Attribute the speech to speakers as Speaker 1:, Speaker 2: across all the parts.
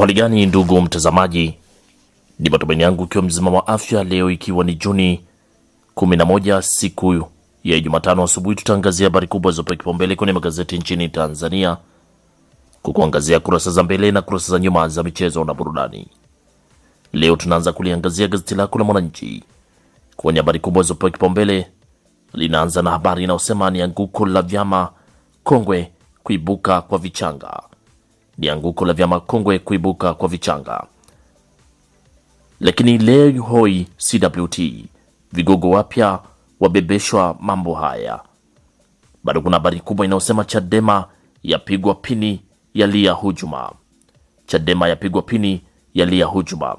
Speaker 1: Hali gani ndugu mtazamaji, ni matumaini yangu ikiwa mzima wa afya. Leo ikiwa ni Juni 11 siku ya Jumatano asubuhi, tutaangazia habari kubwa zopewa kipaumbele kwenye magazeti nchini Tanzania, kukuangazia kurasa za mbele na kurasa za nyuma za michezo na burudani. Leo tunaanza kuliangazia gazeti lako la Mwananchi kwenye habari kubwa zopewa kipaumbele, linaanza na habari inayosema ni anguko la vyama kongwe kuibuka kwa vichanga ni anguko la vyama kongwe kuibuka kwa vichanga. Lakini leo hoi CWT vigogo wapya wabebeshwa mambo haya. Bado kuna habari kubwa inayosema Chadema yapigwa pini yalia hujuma. Chadema yapigwa pini yalia hujuma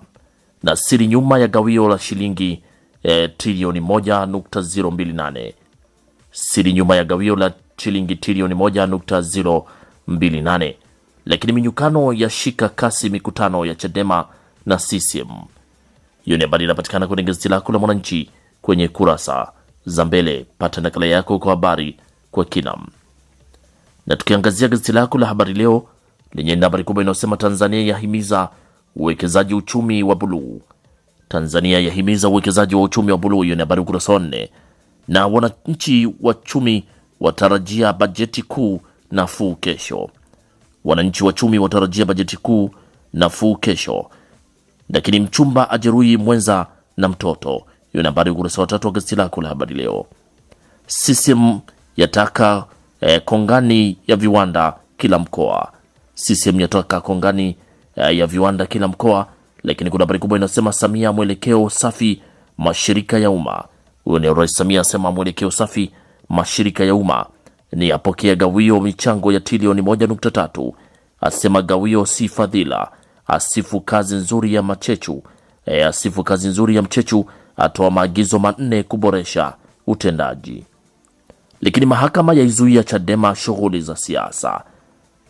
Speaker 1: na siri nyuma ya gawio la shilingi eh, trilioni 1.028. Siri nyuma ya gawio la shilingi trilioni 1.028 lakini minyukano ya shika kasi mikutano ya Chadema na CCM. Hiyo ni habari inapatikana kwenye gazeti lako la Mwananchi kwenye kurasa za mbele. Pata nakala yako kwa habari kwa kina. Na tukiangazia gazeti lako la Habari Leo lenye habari kubwa inayosema Tanzania yahimiza uwekezaji uchumi wa buluu. Tanzania yahimiza uwekezaji wa uchumi wa buluu, hiyo ni habari ukurasa wa nne. Na wananchi wachumi watarajia bajeti kuu nafuu kesho. Wananchi wachumi watarajia bajeti kuu nafuu kesho, lakini mchumba ajeruhi mwenza na mtoto. Hiyo nambari ukurasa wa tatu wa gazeti lako la habari leo. CCM yataka eh, kongani ya viwanda kila mkoa. CCM yataka kongani eh, ya viwanda kila mkoa. Lakini kuna habari kubwa inasema Samia mwelekeo safi mashirika ya umma. Huyo ni Rais Samia asema mwelekeo safi mashirika ya umma ni apokea gawio michango ya trilioni 1.3, asema gawio si fadhila, asifu kazi nzuri ya Machechu, e, asifu kazi nzuri ya Mchechu, atoa maagizo manne kuboresha utendaji. Lakini mahakama yaizuia Chadema shughuli za siasa.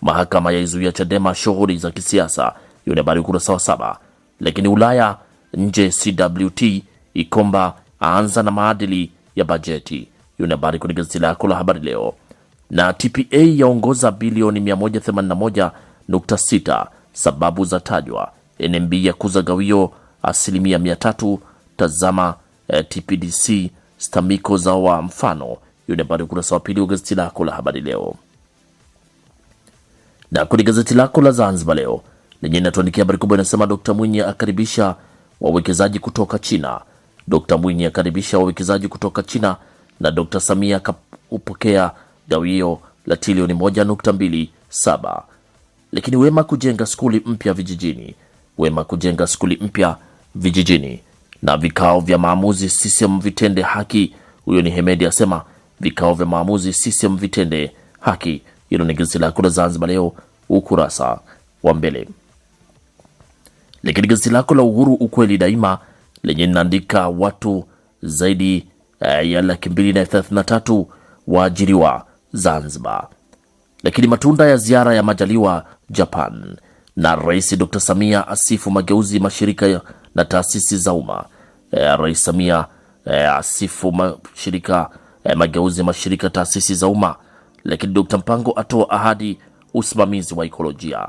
Speaker 1: Mahakama yaizuia Chadema shughuli za kisiasa, hiyo ni habari ukurasa wa saba. Lakini Ulaya nje, CWT ikomba aanza na maadili ya bajeti, hiyo ni habari kwenye gazeti lako la habari leo na TPA yaongoza bilioni 181.6. Sababu za tajwa. NMB ya kuza gawio asilimia 300. Tazama eh, TPDC stamiko za wa mfano. Hiyo ni habari ukurasa wa pili wa gazeti lako la habari leo, na kwenye gazeti lako la Zanzibar leo lenye inatuandikia habari kubwa inasema, Dkt Mwinyi akaribisha wawekezaji kutoka China. Dkt Mwinyi akaribisha wawekezaji kutoka China na Dkt Samia akapokea gawio la trilioni 1.27. Lakini Wema kujenga skuli mpya vijijini. Wema kujenga skuli mpya vijijini na vikao vya maamuzi CCM vitende haki. Huyo ni Hemedi asema vikao vya maamuzi CCM vitende haki. Hilo ni gazeti lako la Zanzibar Leo ukurasa wa mbele. Lakini gazeti lako la Uhuru ukweli daima lenye linaandika watu zaidi eh, ya laki mbili na thelathini na tatu waajiriwa Zanzibar, lakini matunda ya ziara ya Majaliwa Japan na Rais Dr. Samia asifu mageuzi mashirika na taasisi za umma. E, Rais Samia e, asifu mashirika, e, mageuzi mashirika taasisi za umma, lakini Dr. Mpango atoa ahadi usimamizi wa ekolojia.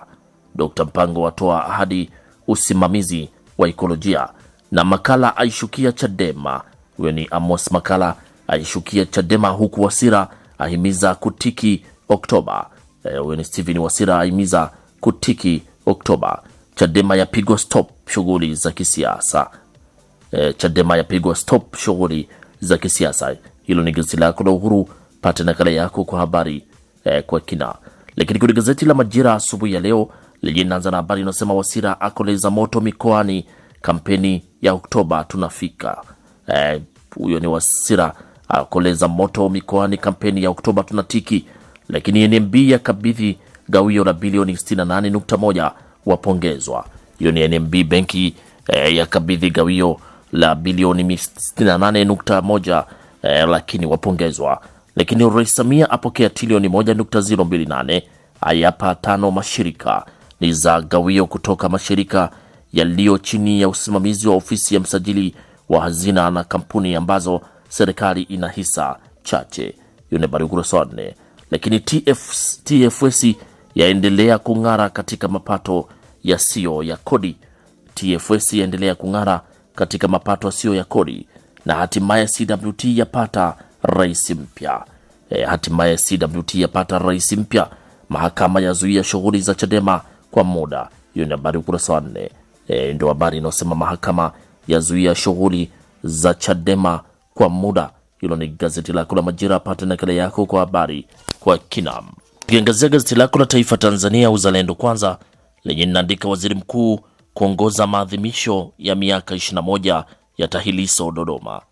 Speaker 1: Dr. Mpango atoa ahadi usimamizi wa ekolojia. Na makala aishukia Chadema, huyo ni Amos Makala aishukia Chadema, huku Wasira ahimiza kutiki Oktoba. Eh, huyo e, ni Steven Wasira ahimiza kutiki Oktoba. Chadema yapigwa stop shughuli za kisiasa. E, Chadema yapigwa stop shughuli za kisiasa. Hilo ni gazeti lako la Uhuru, pate nakala yako kwa habari e, kwa kina. Lakini kwenye gazeti la Majira asubuhi ya leo lenye inaanza na habari inasema Wasira akoleza moto mikoani, kampeni ya Oktoba tunafika. Huyo e, ni Wasira akoleza moto mikoani kampeni ya Oktoba tunatiki, lakini NMB ya kabidhi gawio la bilioni 68.1 wapongezwa. Hiyo ni NMB benki eh, kabidhi gawio la bilioni 68.1 eh, lakini wapongezwa. Lakini Rais Samia apokea trilioni 1.028 ayapa tano mashirika ni za gawio kutoka mashirika yaliyo chini ya usimamizi wa ofisi ya msajili wa hazina na kampuni ambazo serikali ina hisa chache. Hiyo ni habari ukurasa wa nne. Lakini TF, TFS yaendelea kung'ara katika mapato yasiyo ya kodi. TFS yaendelea kung'ara katika mapato yasiyo ya kodi, na hatimaye CWT yapata rais mpya. E, hatimaye CWT yapata rais mpya. Mahakama yazuia shughuli za Chadema kwa muda. Hiyo ni habari ukurasa wa nne. E, ndio habari inayosema mahakama yazuia shughuli za Chadema kwa muda. Hilo ni gazeti lako la Majira. Pata nakala yako kwa habari kwa kina. Tukiangazia gazeti lako la Taifa Tanzania Uzalendo Kwanza lenye linaandika waziri mkuu kuongoza maadhimisho ya miaka 21 ya TAHILISO Dodoma,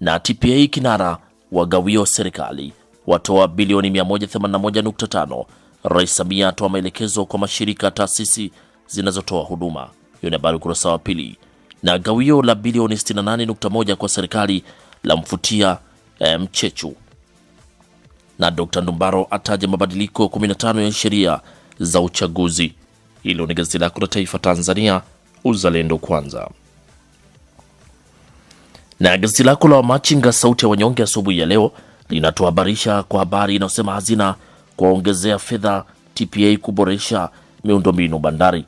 Speaker 1: na TPA kinara wagawio serikali watoa bilioni 181.5. Rais Samia atoa maelekezo kwa mashirika taasisi zinazotoa huduma. Hiyo ni habari ukurasa wa pili, na gawio la bilioni 68.1 kwa serikali la mfutia eh, mchechu. Na Dr. Ndumbaro ataja mabadiliko 15 ya sheria za uchaguzi. Hilo ni gazeti lako la Taifa Tanzania, uzalendo kwanza. Na gazeti lako la Wamachinga sauti ya wanyonge asubuhi ya, ya leo linatuhabarisha kwa habari inayosema hazina kuwaongezea fedha TPA kuboresha miundombinu bandari.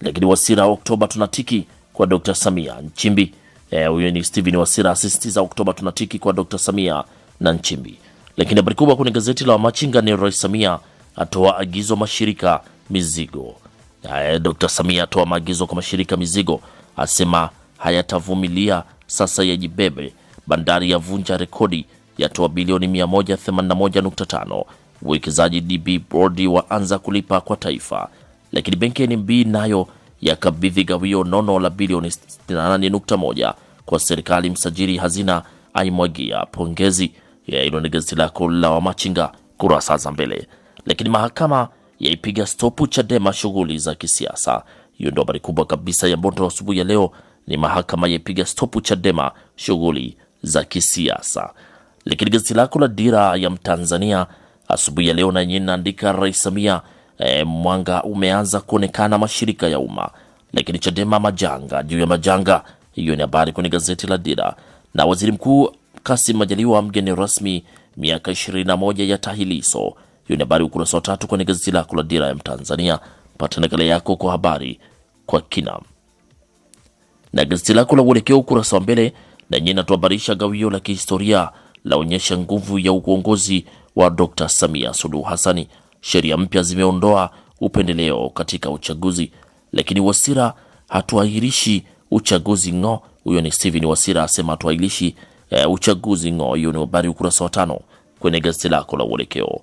Speaker 1: Lakini Wasira, Oktoba tunatiki kwa Dr. Samia Nchimbi Eh, huyo e, ni Steven Wasira asisitiza Oktoba tunatiki kwa Dr. Samia na Nchimbi. Lakini habari kubwa kwenye gazeti la Wamachinga ni Rais Samia atoa agizo mashirika mizigo. E, eh, Dr. Samia atoa maagizo kwa mashirika mizigo, asema hayatavumilia sasa yajibebe. Bandari ya vunja rekodi, yatoa bilioni 181.5. Uwekezaji DB bodi waanza kulipa kwa taifa, lakini benki ya NMB nayo yakabidhi gawio nono la bilioni 68.1 kwa serikali, msajili hazina aimwagia pongezi. Hilo ni gazeti lako la Wamachinga kurasa za mbele. Lakini mahakama yaipiga stopu Chadema shughuli za kisiasa. Hiyo ndio habari kubwa kabisa ya Bonto asubuhi ya leo, ni mahakama yaipiga stopu Chadema shughuli za kisiasa. Lakini gazeti lako la Dira ya Mtanzania asubuhi ya leo na yenyewe inaandika Rais Samia e, mwanga umeanza kuonekana mashirika ya umma, lakini Chadema majanga juu ya majanga. Hiyo ni habari kwenye gazeti la Dira. Na waziri mkuu Kasim Majaliwa mgeni rasmi miaka 21 ya tahiliso. Hiyo ni habari ukurasa wa tatu kwenye gazeti lako la Dira ya Mtanzania. Pata nakala yako kwa habari kwa kina na gazeti lako la Uelekeo ukurasa wa mbele yeye inatuhabarisha gawio la kihistoria laonyesha nguvu ya uongozi wa Dr. Samia Suluhu Hassani sheria mpya zimeondoa upendeleo katika uchaguzi, lakini Wasira hatuahirishi uchaguzi ng'o. Huyo ni Steven Wasira asema hatuahirishi e, uchaguzi ng'o. Hiyo ni habari ukurasa wa tano kwenye gazeti lako la Uelekeo.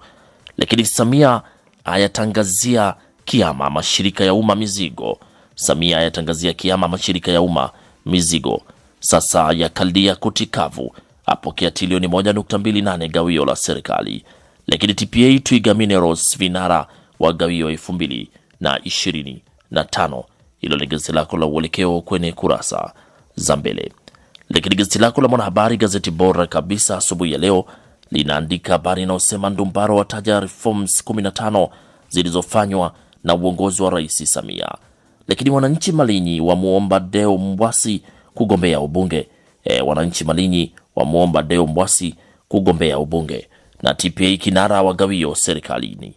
Speaker 1: Lakini Samia ayatangazia kiama mashirika ya umma mizigo. Samia ayatangazia kiama mashirika ya umma mizigo sasa yakalia kutikavu, apokea trilioni 1.28 gawio la serikali lakini TPA Twiga Minerals vinara wa elfu mbili na Hilo ni gazeti lako la uelekeo kwenye kurasa za mbele. Lakini gazeti lako la Mwanahabari, gazeti bora kabisa asubuhi ya leo, linaandika habari inayosema Ndumbaro wataja reforms 15 zilizofanywa na uongozi wa Rais Samia. Lakini wananchi Malinyi wamuomba Deo Mbwasi kugombea ubunge. E, wananchi Malinyi wamuomba Deo Mbwasi kugombea ubunge na TPA kinara wa gawio serikalini.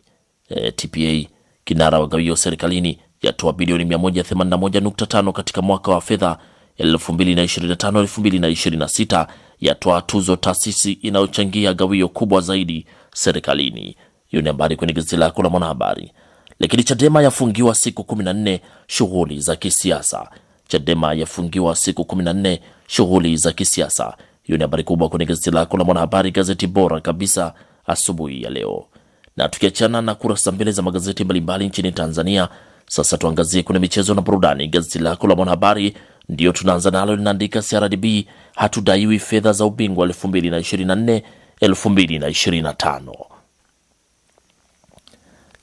Speaker 1: E, eh, TPA kinara wa gawio serikalini yatoa bilioni 181.5 katika mwaka wa fedha 2025 2026, yatoa tuzo taasisi inayochangia gawio kubwa zaidi serikalini. Hiyo ni habari kwenye gazeti lako la Mwanahabari. Lakini Chadema yafungiwa siku 14 shughuli za kisiasa. Chadema yafungiwa siku 14 shughuli za kisiasa. Hiyo ni habari kubwa kwenye gazeti lako la Mwanahabari, gazeti bora kabisa asubuhi ya leo. Na tukiachana na kurasa mbele za magazeti mbalimbali nchini Tanzania, sasa tuangazie kwenye michezo na burudani. Gazeti lako la Mwanahabari ndio tunaanza nalo, linaandika CRDB hatudaiwi fedha za ubingwa 2024 2025,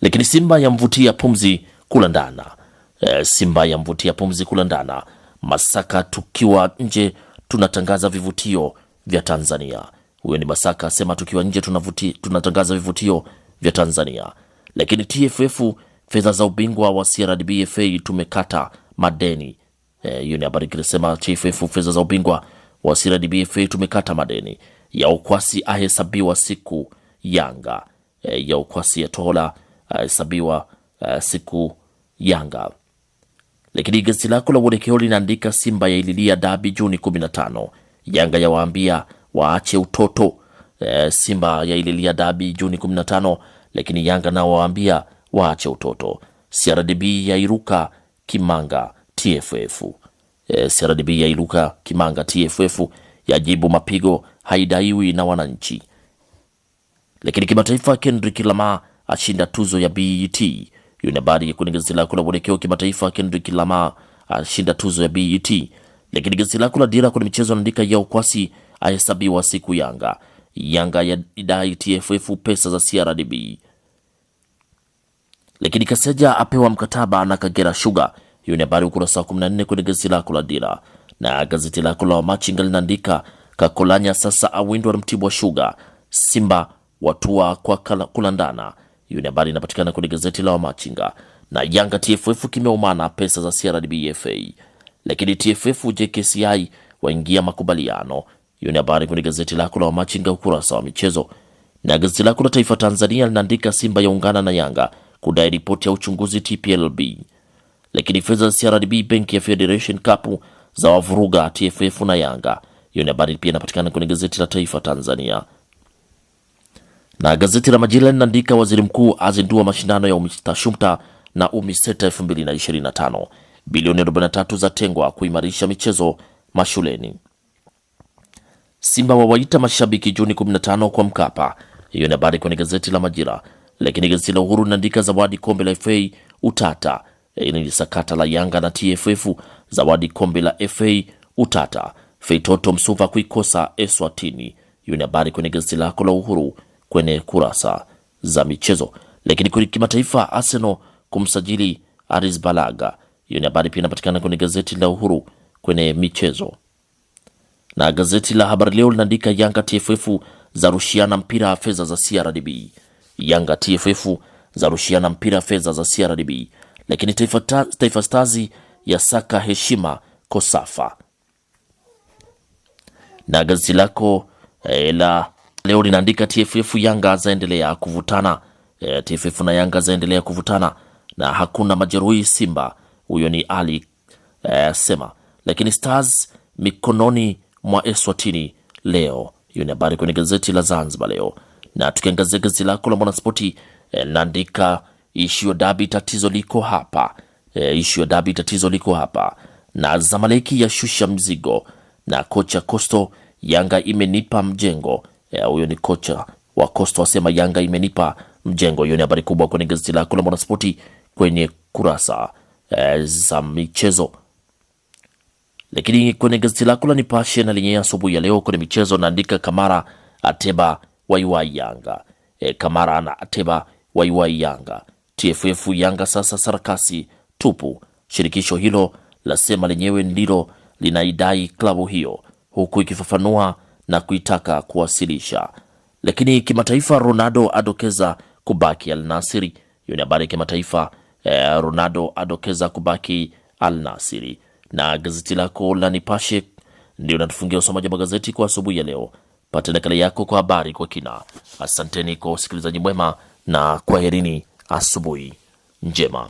Speaker 1: lakini Simba yamvutia pumzi kulandana. E, eh, Simba yamvutia pumzi kulandana. Masaka tukiwa nje tunatangaza vivutio vya Tanzania. Huyo ni Masaka asema tukiwa nje tunavuti, tunatangaza vivutio vya Tanzania. Lakini TFF fedha za ubingwa wa CRDB FA tumekata madeni. Eh, hiyo e, ni habari kilisema TFF fedha za ubingwa wa CRDB FA tumekata madeni. Ya ukwasi ahesabiwa siku Yanga. E, ya ukwasi ya tola ahesabiwa uh, siku Yanga. Lakini gazeti lako la Uelekeo linaandika Simba yaililia dabi Juni 15, Yanga yawaambia waache utoto. E, Simba yaililia dabi Juni 15, lakini Yanga nao waambia waache utoto. CRDB yairuka kimanga TFF. E, CRDB yairuka kimanga TFF yajibu mapigo haidaiwi na wananchi. Lakini kimataifa, Kendrick Lamar ashinda tuzo ya BET. Hiyo ni habari kwenye gazeti lako la mwelekeo kimataifa. Kendrick Lamar ashinda tuzo ya BET. Lakini gazeti lako la Dira kwenye michezo anaandika ya ukwasi ahesabiwa siku Yanga, Yanga ya idai TFF pesa za CRDB. Lakini Kaseja apewa mkataba na Kagera Sugar. Hiyo ni habari ukurasa wa 14 kwenye gazeti lako la Dira, na gazeti lako la Wamachinga linaandika Kakolanya sasa awindwa na Mtibwa Sugar, Simba watua kwa kulandana hiyo ni habari inapatikana kwenye gazeti la Wamachinga. Na Yanga TFF kimeumana pesa za CRDBFA, lakini TFF JKCI waingia makubaliano. Hiyo ni habari kwenye gazeti lako la Wamachinga ukurasa wa michezo. Na gazeti lako la Taifa Tanzania linaandika Simba yaungana na Yanga kudai ripoti ya uchunguzi TPLB, lakini fedha za CRDB benki ya Federation Cup za wavuruga TFF na Yanga. Hiyo ni habari pia inapatikana kwenye gazeti la Taifa Tanzania. Na gazeti la Majira linaandika waziri mkuu azindua mashindano ya UMITASHUMTA na UMISETA 2025 bilioni 43 za tengwa kuimarisha michezo mashuleni. Simba wawaita mashabiki Juni 15 kwa Mkapa. Hiyo ni habari kwenye gazeti la Majira, lakini gazeti la Uhuru linaandika zawadi kombe la FA utata. Hili ni sakata la Yanga na TFF, zawadi kombe la FA utata. Feitoto Msuva kuikosa Eswatini. Hiyo ni habari kwenye gazeti lako la Uhuru kwenye kurasa za michezo. Lakini kwenye kimataifa, Arsenal kumsajili Aris Balaga, hiyo ni habari pia inapatikana kwenye gazeti la Uhuru kwenye michezo. Na gazeti la Habari Leo linaandika Yanga TFF za rushiana mpira fedha za CRDB. Yanga TFF za rushiana mpira fedha za CRDB. Lakini Taifa, ta, Taifa Stars ya saka heshima Kosafa. Na gazeti lako eh, la leo linaandika TFF Yanga zaendelea kuvutana. E, TFF na Yanga zaendelea kuvutana na hakuna majeruhi Simba. Huyo ni Ali e, Sema. Lakini Stars mikononi mwa Eswatini leo. Hiyo ni habari kwenye gazeti la Zanzibar leo. Na tukiangazia gazeti lako la Mwanaspoti e, linaandika e, ishu ya dabi tatizo liko hapa. E, ishu ya dabi tatizo liko hapa. Na Zamaleki yashusha mzigo na kocha Kosto Yanga imenipa mjengo Eh, huyo ni kocha wa Costa asema Yanga imenipa mjengo. Hiyo ni habari kubwa kwenye gazeti lako la Mwanaspoti kwenye kurasa e, za michezo. Lakini kwenye gazeti lako la Nipashe na lenye asubuhi ya leo kwenye michezo naandika Kamara ateba waiwai Yanga e, Kamara na ateba waiwai Yanga. TFF Yanga sasa sarakasi tupu, shirikisho hilo lasema lenyewe ndilo linaidai klabu hiyo, huku ikifafanua na kuitaka kuwasilisha, lakini kimataifa Ronaldo adokeza kubaki Al Nasiri. Hiyo ni habari ya kimataifa eh, Ronaldo adokeza kubaki Al Nasiri. Na gazeti lako la Nipashe ndio natufungia usomaji wa magazeti kwa asubuhi ya leo. Pata nakala yako kwa habari kwa kina. Asanteni kwa usikilizaji mwema na kwaherini, asubuhi njema.